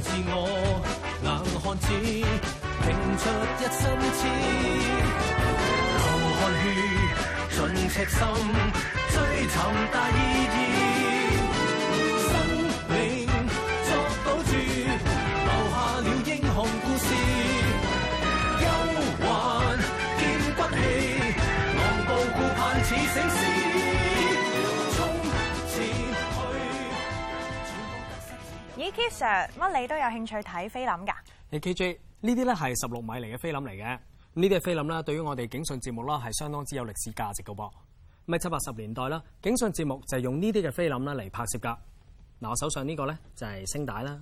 自我硬漢子，拼出一身刺，流汗血，盡赤心，追尋大意義。K Sir，乜你都有興趣睇菲林噶？K J 呢啲咧，係十六米嚟嘅菲林嚟嘅，呢啲係菲林啦。對於我哋警訊節目啦，係相當之有歷史價值噶噃。咁七八十年代啦，警訊節目就係用呢啲嘅菲林啦嚟拍攝噶。嗱，我手上呢個咧，就係聲帶啦，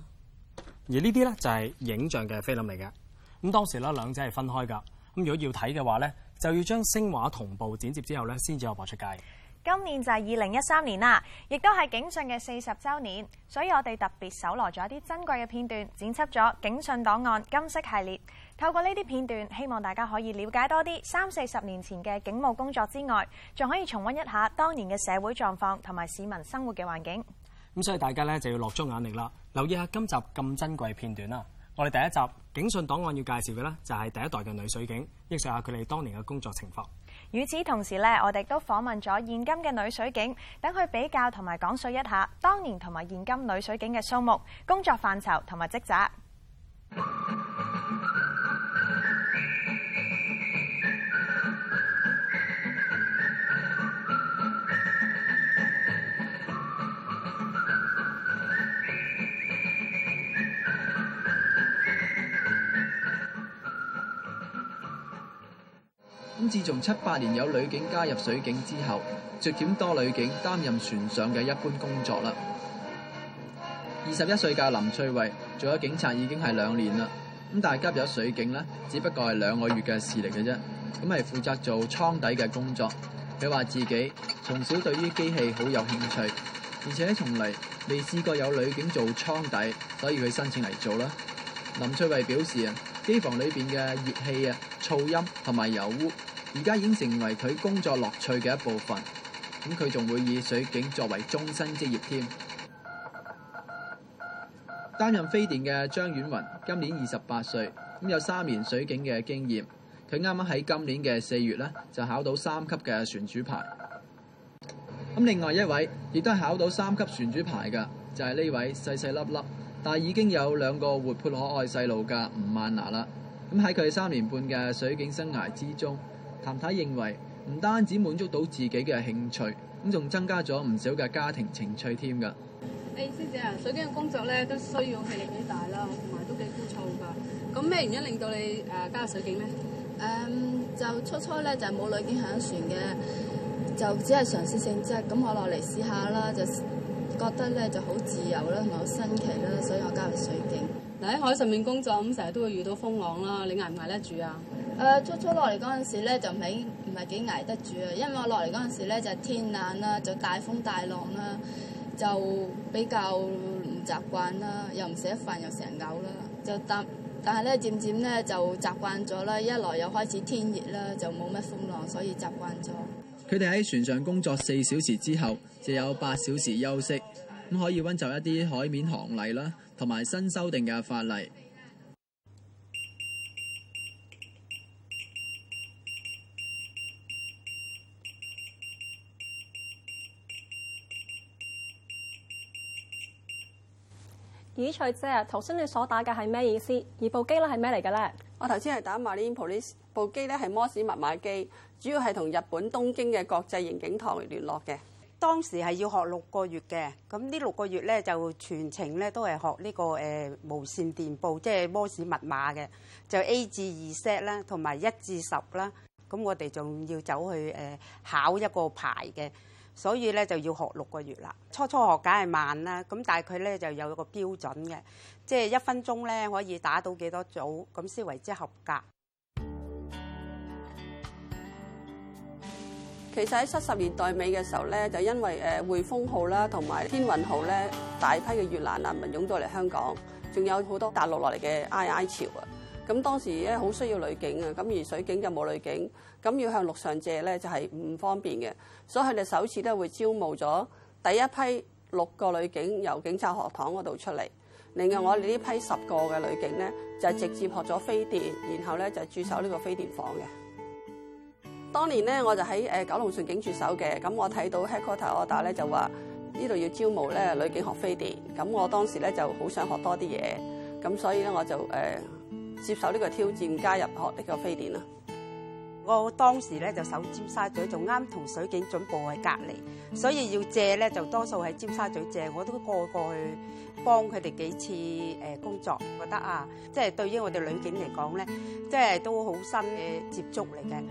而呢啲咧，就係影像嘅菲林嚟嘅。咁當時啦，兩者係分開噶。咁如果要睇嘅話咧，就要將聲畫同步剪接之後咧，先至有播出街。今年就係二零一三年啦，亦都係警訊嘅四十周年，所以我哋特別搜羅咗一啲珍貴嘅片段，剪輯咗警訊檔案今昔系列。透過呢啲片段，希望大家可以了解多啲三四十年前嘅警務工作之外，仲可以重温一下當年嘅社會狀況同埋市民生活嘅環境。咁所以大家咧就要落足眼力啦，留意下今集咁珍貴片段啦。我哋第一集警訊檔案要介紹嘅呢，就係第一代嘅女水警，憶述下佢哋當年嘅工作情況。與此同時咧，我哋都訪問咗現今嘅女水警，等佢比較同埋講述一下當年同埋現今女水警嘅數目、工作範疇同埋職責。 自從七八年有女警加入水警之後，逐漸多女警擔任船上嘅一般工作啦。二十一歲嘅林翠慧做咗警察已經係兩年啦，咁但係加入咗水警呢，只不過係兩個月嘅事嚟嘅啫。咁係負責做艙底嘅工作。佢話自己從小對於機器好有興趣，而且從嚟未試過有女警做艙底，所以佢申請嚟做啦。林翠慧表示啊，機房裏邊嘅熱氣啊、噪音同埋油污。而家已經成為佢工作樂趣嘅一部分。咁佢仲會以水警作為終身職業添。擔任飛電嘅張婉雲今年二十八歲，咁有三年水警嘅經驗。佢啱啱喺今年嘅四月咧就考到三級嘅船主牌。咁另外一位亦都係考到三級船主牌嘅，就係呢位細細粒粒，但係已經有兩個活潑可愛細路噶吳曼娜啦。咁喺佢三年半嘅水警生涯之中。譚太認為唔單止滿足到自己嘅興趣，咁仲增加咗唔少嘅家庭情趣添㗎。誒、hey, 師姐啊，水警嘅工作咧都需要氣力幾大啦，同埋都幾枯燥㗎。咁咩原因令到你誒加入水警咧？誒、um, 就初初咧就冇女警行船嘅，就只係嘗試性質。咁我落嚟試下啦，就覺得咧就好自由啦，同埋好新奇啦，所以我加入水警，嗱。喺海上面工作咁成日都會遇到風浪啦，你捱唔捱得住啊？誒初初落嚟嗰陣時咧，就唔係唔係幾捱得住啊！因為我落嚟嗰陣時咧，就天冷啦，就大風大浪啦，就比較唔習慣啦，又唔食飯，又成日嘔啦，就搭。但係咧，漸漸咧就習慣咗啦。一來又開始天熱啦，就冇乜風浪，所以習慣咗。佢哋喺船上工作四小時之後，就有八小時休息，咁可以溫習一啲海面航例啦，同埋新修訂嘅法例。咦翠姐啊，頭先你所打嘅係咩意思？而部機咧係咩嚟嘅咧？我頭先係打 Marine Police，部機咧係摩斯密碼機，主要係同日本東京嘅國際刑警堂聯絡嘅。當時係要學六個月嘅，咁呢六個月咧就全程咧都係學呢個誒無線電報，即係摩斯密碼嘅，就 A 至 Z 啦，同埋一至十啦。咁我哋仲要走去誒考一個牌嘅。所以咧就要學六個月啦。初初學梗係慢啦，咁但係佢咧就有一個標準嘅，即係一分鐘咧可以打到幾多組咁先為之合格。其實喺七十年代尾嘅時候咧，就因為誒匯豐號啦同埋天運號咧，大批嘅越南難民湧到嚟香港，仲有好多大陸落嚟嘅 I I 潮啊！咁當時咧好需要女警啊，咁而水警就冇女警，咁要向陸上借咧就係、是、唔方便嘅，所以佢哋首次都係會招募咗第一批六個女警由警察學堂嗰度出嚟。另外我哋呢批十個嘅女警咧就係、是、直接學咗飛電，然後咧就是、駐守呢個飛電房嘅。當年咧我就喺誒、呃、九龍巡警駐守嘅，咁我睇到 headquarter order 咧就話呢度要招募咧女警學飛電，咁我當時咧就好想學多啲嘢，咁所以咧我就誒。呃接受呢個挑戰，加入學呢個非典啦！我當時咧就守尖沙咀，就啱同水警總部喺隔離，所以要借咧就多數喺尖沙咀借，我都過過去幫佢哋幾次誒工作，覺得啊，即係對於我哋女警嚟講咧，即係都好新嘅接觸嚟嘅。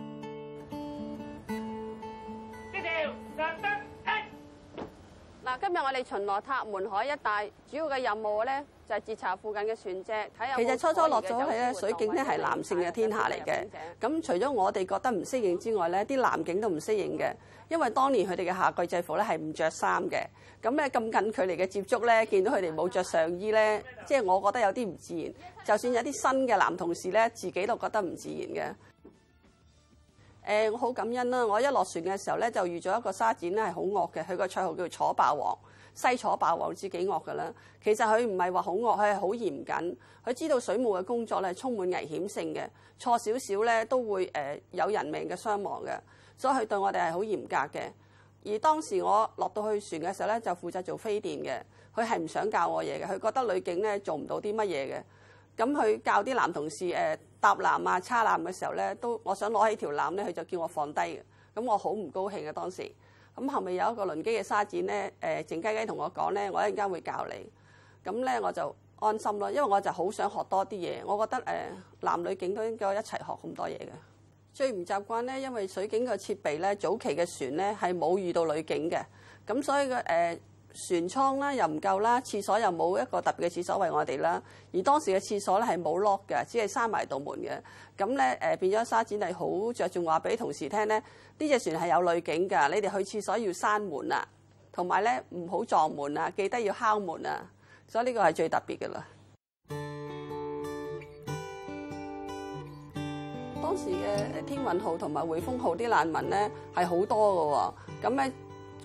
因為我哋巡邏塔門海一帶主要嘅任務咧，就係截查附近嘅船隻，睇有冇可疑嘅狀況。其實初初落咗去咧，水警咧係男性嘅天下嚟嘅。咁除咗我哋覺得唔適應之外咧，啲男警都唔適應嘅，因為當年佢哋嘅夏季制服咧係唔着衫嘅。咁咧咁近距離嘅接觸咧，見到佢哋冇着上衣咧，即係、啊啊、我覺得有啲唔自然。就算有啲新嘅男同事咧，自己都覺得唔自然嘅。誒我好感恩啦！我一落船嘅時候咧，就遇咗一個沙展咧，係好惡嘅。佢個綽號叫做楚霸王，西楚霸王知幾惡㗎啦？其實佢唔係話好惡，佢係好嚴謹。佢知道水務嘅工作咧係充滿危險性嘅，錯少少咧都會誒有人命嘅傷亡嘅，所以佢對我哋係好嚴格嘅。而當時我落到去船嘅時候咧，就負責做飛電嘅。佢係唔想教我嘢嘅，佢覺得女警咧做唔到啲乜嘢嘅，咁佢教啲男同事誒，搭纜啊，叉纜嘅時候咧，都我想攞起條纜咧，佢就叫我放低嘅。咁我好唔高興嘅當時。咁後尾有一個輪機嘅沙展咧，誒靜雞雞同我講咧，我一陣間會教你。咁咧我就安心咯，因為我就好想學多啲嘢。我覺得誒、呃、男女警都應該一齊學咁多嘢嘅。最唔習慣咧，因為水警嘅設備咧，早期嘅船咧係冇遇到女警嘅，咁所以佢。誒、呃。船艙啦又唔夠啦，廁所又冇一個特別嘅廁所為我哋啦。而當時嘅廁所咧係冇 lock 嘅，只係閂埋道門嘅。咁咧誒變咗沙展係好着重話俾同事聽咧，呢隻船係有女警㗎，你哋去廁所要閂門啦，同埋咧唔好撞門啊，記得要敲門啊。所以呢個係最特別嘅啦。當時嘅天雲號同埋匯豐號啲難民咧係好多嘅喎，哦，咁咧。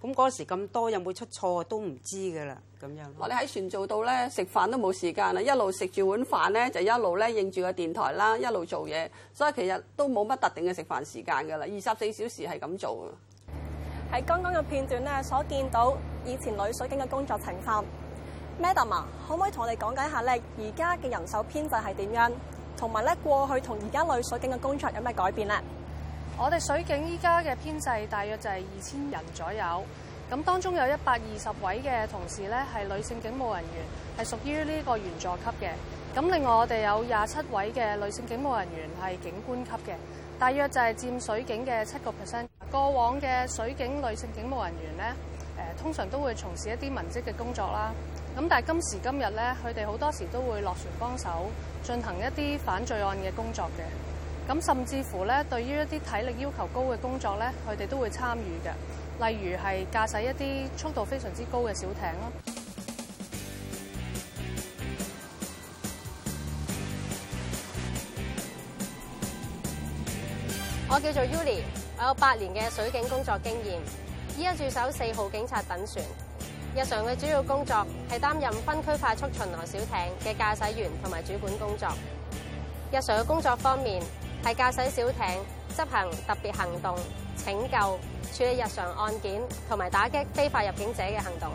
咁嗰時咁多有冇出錯都唔知噶啦，咁樣。我哋喺船做到咧，食飯都冇時間啦，一路食住碗飯咧，就一路咧應住個電台啦，一路做嘢，所以其實都冇乜特定嘅食飯時間噶啦，二十四小時係咁做嘅。喺剛剛嘅片段咧，所見到以前女水警嘅工作情況。Madam 啊，可唔可以同我哋講解下咧？而家嘅人手編制係點樣？同埋咧，過去同而家女水警嘅工作有咩改變咧？我哋水警依家嘅編制大約就係二千人左右，咁當中有一百二十位嘅同事咧，係女性警務人員，係屬於呢個員佐級嘅。咁另外我哋有廿七位嘅女性警務人員，係警官級嘅，大約就係佔水警嘅七個 percent。過往嘅水警女性警務人員咧，誒、呃、通常都會從事一啲文職嘅工作啦。咁但係今時今日咧，佢哋好多時都會落船幫手，進行一啲反罪案嘅工作嘅。咁甚至乎咧，對於一啲體力要求高嘅工作咧，佢哋都會參與嘅。例如係駕駛一啲速度非常之高嘅小艇咯。我叫做 Yuli，我有八年嘅水警工作經驗，依家駐守四號警察等船。日常嘅主要工作係擔任分區快速巡邏小艇嘅駕駛員同埋主管工作。日常嘅工作方面，係駕駛小艇執行特別行動、拯救、處理日常案件同埋打擊非法入境者嘅行動。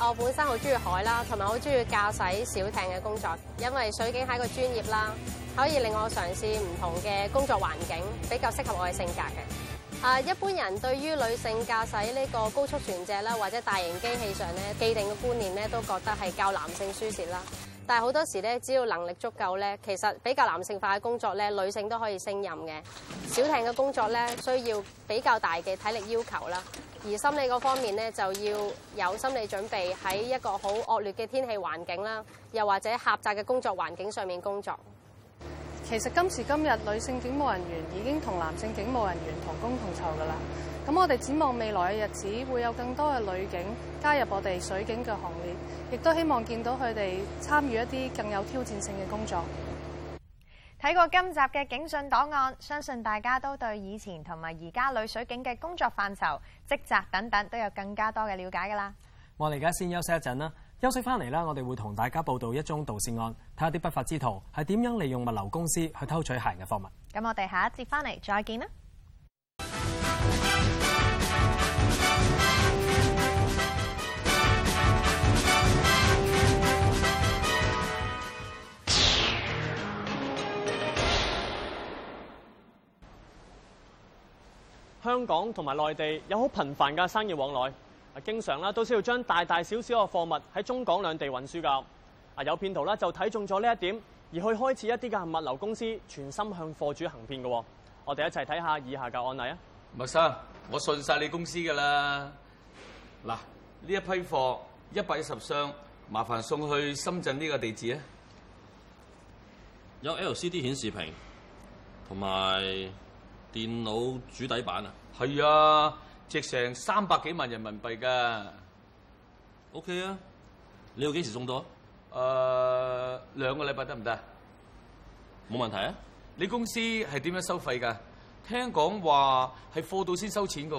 我本身好中意海啦，同埋好中意駕駛小艇嘅工作，因為水警係一個專業啦，可以令我嘗試唔同嘅工作環境，比較適合我嘅性格嘅。啊，一般人對於女性駕駛呢個高速船隻啦，或者大型機器上咧，既定嘅觀念咧，都覺得係較男性舒適啦。但係好多時咧，只要能力足夠咧，其實比較男性化嘅工作咧，女性都可以勝任嘅。小艇嘅工作咧，需要比較大嘅體力要求啦，而心理嗰方面咧，就要有心理準備喺一個好惡劣嘅天氣環境啦，又或者狹窄嘅工作環境上面工作。其實今時今日，女性警務人員已經同男性警務人員同工同酬㗎啦。咁我哋展望未來嘅日子，會有更多嘅女警加入我哋水警嘅行列，亦都希望見到佢哋參與一啲更有挑戰性嘅工作。睇過今集嘅警訊檔案，相信大家都對以前同埋而家女水警嘅工作範疇、職責等等都有更加多嘅了解噶啦。我哋而家先休息一陣啦，休息翻嚟啦，我哋會同大家報道一宗盜竊案，睇下啲不法之徒係點樣利用物流公司去偷取客人嘅貨物。咁我哋下一節翻嚟再見啦。香港同埋內地有好頻繁嘅生意往來，經常啦都需要將大大小小嘅貨物喺中港兩地運輸噶。啊，有騙徒呢就睇中咗呢一點，而去開始一啲嘅物流公司，全心向貨主行騙嘅。我哋一齊睇下以下嘅案例啊。麥生，我信晒你公司噶啦。嗱，呢一批貨一百一十箱，麻煩送去深圳呢個地址啊。有 L C D 顯示屏同埋電腦主底板啊。係啊，值成三百幾萬人民幣噶。OK 啊，你要幾時送到？誒、呃，兩個禮拜得唔得？冇問題啊。你公司係點樣收費噶？聽講話係貨到先收錢噶，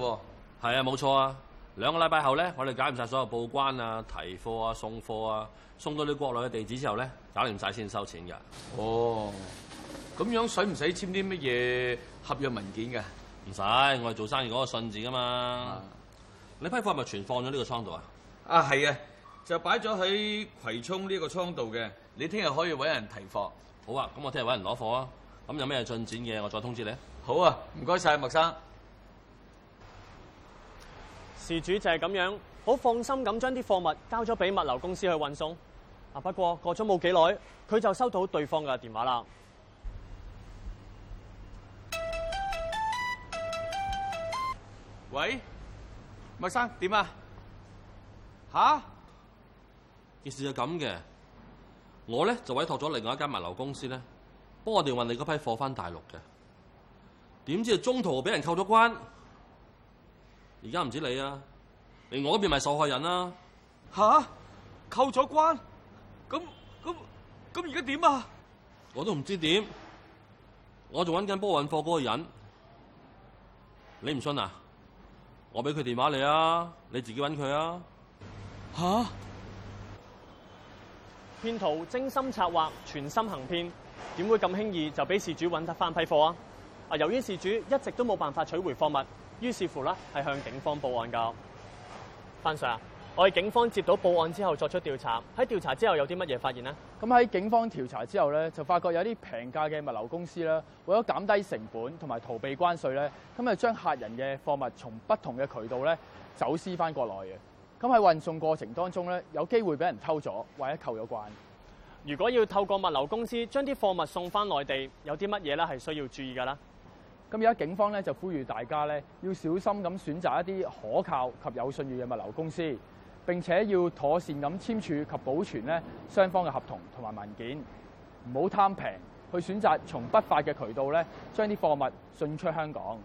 係啊，冇錯啊。兩個禮拜後咧，我哋搞掂晒所有報關啊、提貨啊、送貨啊，送到你國內嘅地址之後咧，搞掂晒先收錢噶。哦，咁、嗯、樣使唔使簽啲乜嘢合約文件噶？唔使，我哋做生意嗰個信字噶嘛。嗯、你批貨咪全放咗呢個倉度啊？啊，係啊，就擺咗喺葵涌呢個倉度嘅。你聽日可以搵人提貨。好啊，咁我聽日搵人攞貨啊。咁有咩進展嘅，我再通知你、啊。好啊，唔該晒，麥生。事主就係咁樣，好放心咁將啲貨物交咗俾物流公司去運送。啊，不過，過咗冇幾耐，佢就收到對方嘅電話啦。喂，麥生，點啊？吓？件事係咁嘅，我咧就委託咗另外一間物流公司咧，幫我哋運你嗰批貨翻大陸嘅。點知中途俾人扣咗關，而家唔知你啊，你我嗰邊咪受害人啊？吓、啊，扣咗關，咁咁咁，而家點啊？我都唔知點，我仲揾緊搬運貨嗰個人。你唔信啊？我俾佢電話你啊，你自己揾佢啊。吓、啊，騙徒精心策劃，全心行騙，點會咁輕易就俾事主揾得翻批貨啊？由於事主一直都冇辦法取回貨物，於是乎咧係向警方報案噶。Francis Sir, 我哋警方接到報案之後作出調查。喺調查之後有啲乜嘢發現呢？咁喺警方調查之後咧，就發覺有啲平價嘅物流公司啦，為咗減低成本同埋逃避關稅咧，咁就將客人嘅貨物從不同嘅渠道咧走私翻國內嘅。咁喺運送過程當中咧，有機會俾人偷咗或者扣咗關。如果要透過物流公司將啲貨物送翻內地，有啲乜嘢咧係需要注意嘅啦？咁而家警方咧就呼籲大家咧要小心咁選擇一啲可靠及有信譽嘅物流公司，並且要妥善咁簽署及保存咧雙方嘅合同同埋文件，唔好貪平去選擇從不法嘅渠道咧將啲貨物送出香港，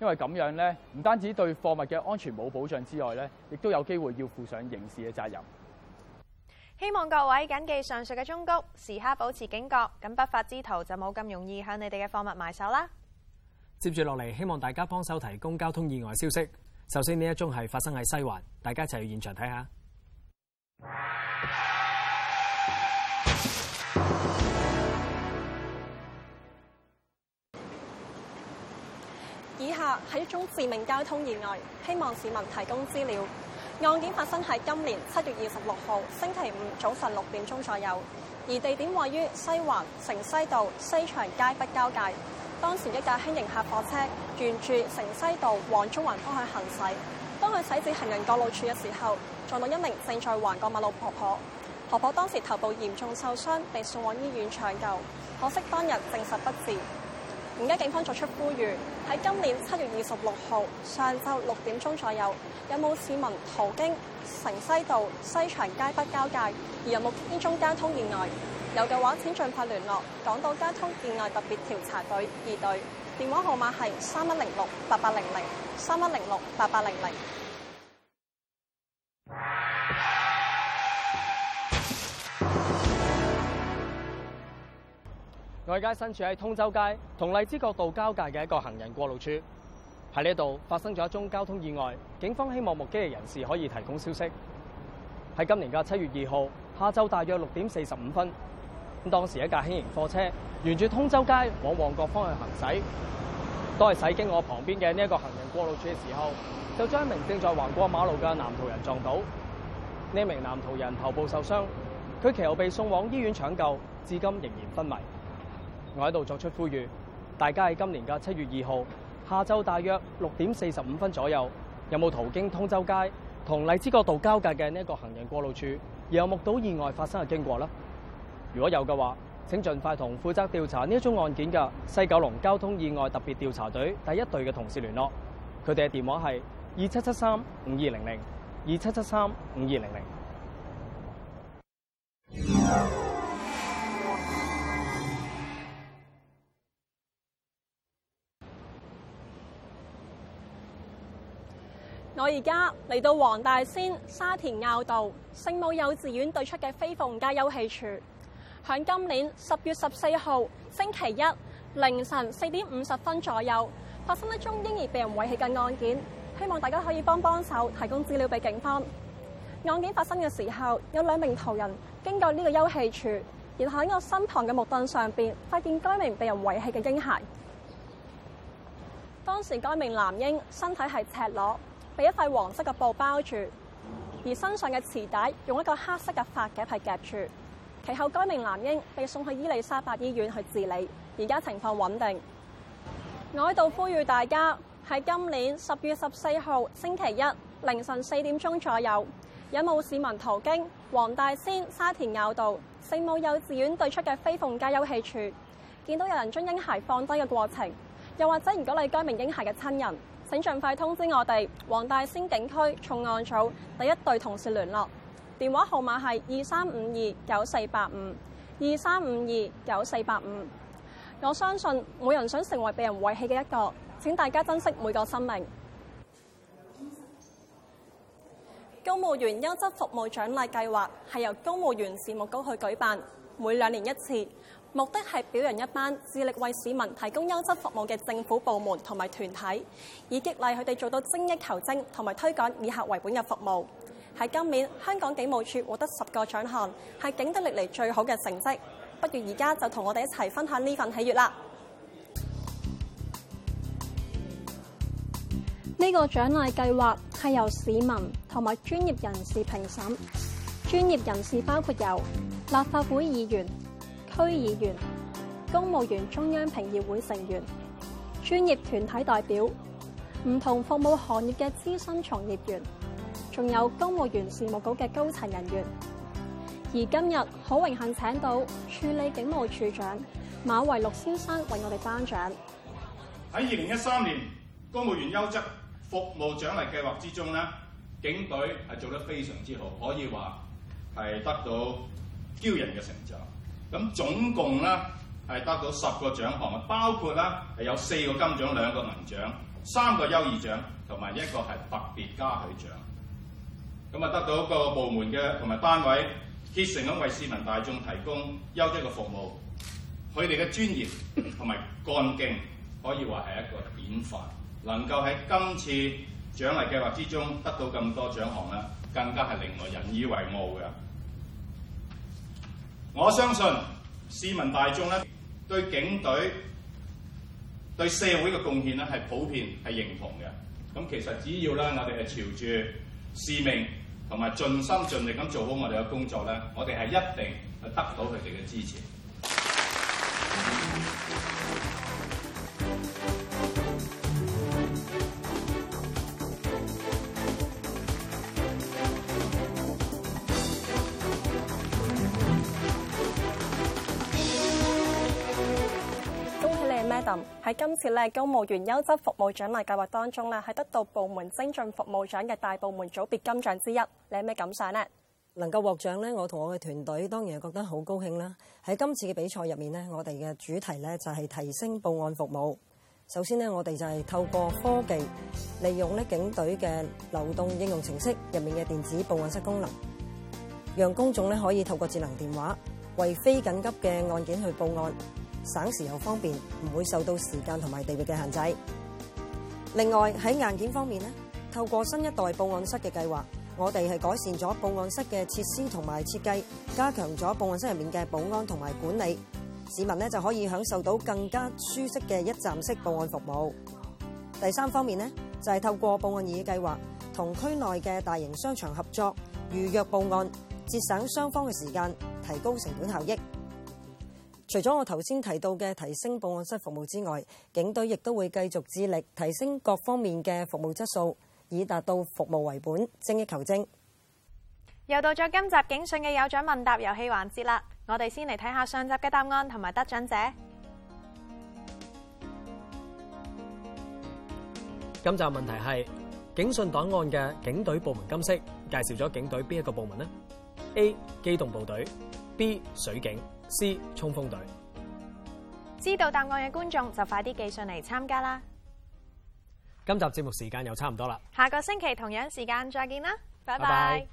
因為咁樣咧唔單止對貨物嘅安全冇保障之外咧，亦都有機會要負上刑事嘅責任。希望各位謹記上述嘅忠告，時刻保持警覺，咁不法之徒就冇咁容易向你哋嘅貨物埋手啦。接住落嚟，希望大家幫手提供交通意外消息。首先呢一宗係發生喺西環，大家一齊去現場睇下。以下係一宗致命交通意外，希望市民提供資料。案件發生喺今年七月二十六號星期五早晨六點鐘左右，而地點位於西環城西道西長街北交界。當時一架輕型客貨車沿住城西道往中環方向行駛，當佢駛至行人過路處嘅時候，撞到一名正在橫過馬路婆婆。婆婆當時頭部嚴重受傷，被送往醫院搶救，可惜當日證實不治。而家警方作出呼籲：喺今年七月二十六號上晝六點鐘左右，有冇市民途經城西道西長街北交界而有冇中交通意外？有嘅話，請盡快聯絡港島交通意外特別調查隊二隊，電話號碼係三一零六八八零零三一零六八八零零。800, 外界身處喺通州街同荔枝角道交界嘅一個行人過路處，喺呢度發生咗一宗交通意外，警方希望目擊嘅人士可以提供消息。喺今年嘅七月二號下晝大約六點四十五分。當時一架輕型貨車沿住通州街往旺角方向行駛，都係駛經我旁邊嘅呢一個行人過路處嘅時候，就將一名正在橫過馬路嘅男途人撞到。呢名男途人頭部受傷，佢其後被送往醫院搶救，至今仍然昏迷。我喺度作出呼籲，大家喺今年嘅七月二號下晝大約六點四十五分左右，有冇途經通州街同荔枝角道交界嘅呢一個行人過路處，又有目睹意外發生嘅經過呢？如果有嘅話，請盡快同負責調查呢一宗案件嘅西九龍交通意外特別調查隊第一隊嘅同事聯絡。佢哋嘅電話係二七七三五二零零二七七三五二零零。200, 我而家嚟到黃大仙沙田坳道聖母幼稚園對出嘅飛鳳街休憩處。喺今年十月十四號星期一凌晨四點五十分左右，發生一宗嬰兒被人遺棄嘅案件。希望大家可以幫幫手，提供資料俾警方。案件發生嘅時候，有兩名途人經過呢個休憩處，然後喺我身旁嘅木凳上邊發現該名被人遺棄嘅嬰孩。當時該名男嬰身體係赤裸，被一塊黃色嘅布包住，而身上嘅臍帶用一個黑色嘅髮夾係夾住。其後該名男嬰被送去伊利沙伯醫院去治理，而家情況穩定。我喺度呼籲大家喺今年十月十四號星期一凌晨四點鐘左右，有冇市民途經黃大仙沙田坳道聖母幼稚園對出嘅飛鳳街休憩處，見到有人將嬰孩放低嘅過程？又或者如果你係該名嬰孩嘅親人，請盡快通知我哋黃大仙警區重案組第一隊同事聯絡。電話號碼係二三五二九四八五二三五二九四八五。我相信冇人想成為被人遺棄嘅一個。請大家珍惜每個生命。公務員優質服務獎勵計劃係由公務員事務局去舉辦，每兩年一次，目的係表揚一班致力為市民提供優質服務嘅政府部門同埋團體，以激勵佢哋做到精益求精同埋推廣以客為本嘅服務。喺今年香港警務處獲得十個獎項，係警隊歷嚟最好嘅成績。不如而家就同我哋一齊分享呢份喜悅啦。呢個獎勵計劃係由市民同埋專業人士評審。專業人士包括有立法會議員、區議員、公務員中央評議會成員、專業團體代表、唔同服務行業嘅資深從業員仲有公務員事務局嘅高層人員，而今日好榮幸請到處理警務處長馬維祿先生為我哋頒獎。喺二零一三年公務員優質服務獎勵計劃之中咧，警隊係做得非常之好，可以話係得到驕人嘅成就。咁總共咧係得到十個獎項啊，包括咧係有四個金獎、兩個銀獎、三個優異獎同埋一個係特別嘉許獎。得到各個部門嘅同埋單位竭誠咁為市民大眾提供優質嘅服務，佢哋嘅專業同埋幹勁可以話係一個典範。能夠喺今次獎勵計劃之中得到咁多獎項更加係令我引以為傲嘅。我相信市民大眾對對警隊對社會嘅貢獻咧係普遍係認同嘅。咁其實只要我哋係朝住市民。同埋盡心盡力咁做好我哋嘅工作咧，我哋係一定去得到佢哋嘅支持。謝謝。喺今次咧，公務員優質服務獎勵計劃當中咧，係得到部門精進服務獎嘅大部門組別金獎之一，你有咩感想呢？能夠獲獎咧，我同我嘅團隊當然係覺得好高興啦！喺今次嘅比賽入面咧，我哋嘅主題咧就係提升報案服務。首先咧，我哋就係透過科技，利用咧警隊嘅流動應用程式入面嘅電子報案室功能，讓公眾咧可以透過智能電話為非緊急嘅案件去報案。省時又方便，唔會受到時間同埋地域嘅限制。另外喺硬件方面呢，透過新一代報案室嘅計劃，我哋係改善咗報案室嘅設施同埋設計，加強咗報案室入面嘅保安同埋管理，市民呢就可以享受到更加舒適嘅一站式報案服務。第三方面呢就係透過報案儀計劃，同區內嘅大型商場合作，預約報案，節省雙方嘅時間，提高成本效益。除咗我頭先提到嘅提升報案室服務之外，警隊亦都會繼續致力提升各方面嘅服務質素，以達到服務為本、精益求精。又到咗今集警訊嘅有獎問答遊戲環節啦！我哋先嚟睇下上集嘅答案同埋得獎者。今集問題係警訊檔案嘅警隊部門今次介紹咗警隊邊一個部門呢？A 機動部隊，B 水警。C 衝鋒隊，知道答案嘅觀眾就快啲寄上嚟參加啦！今集節目時間又差唔多啦，下個星期同樣時間再見啦，bye bye 拜拜。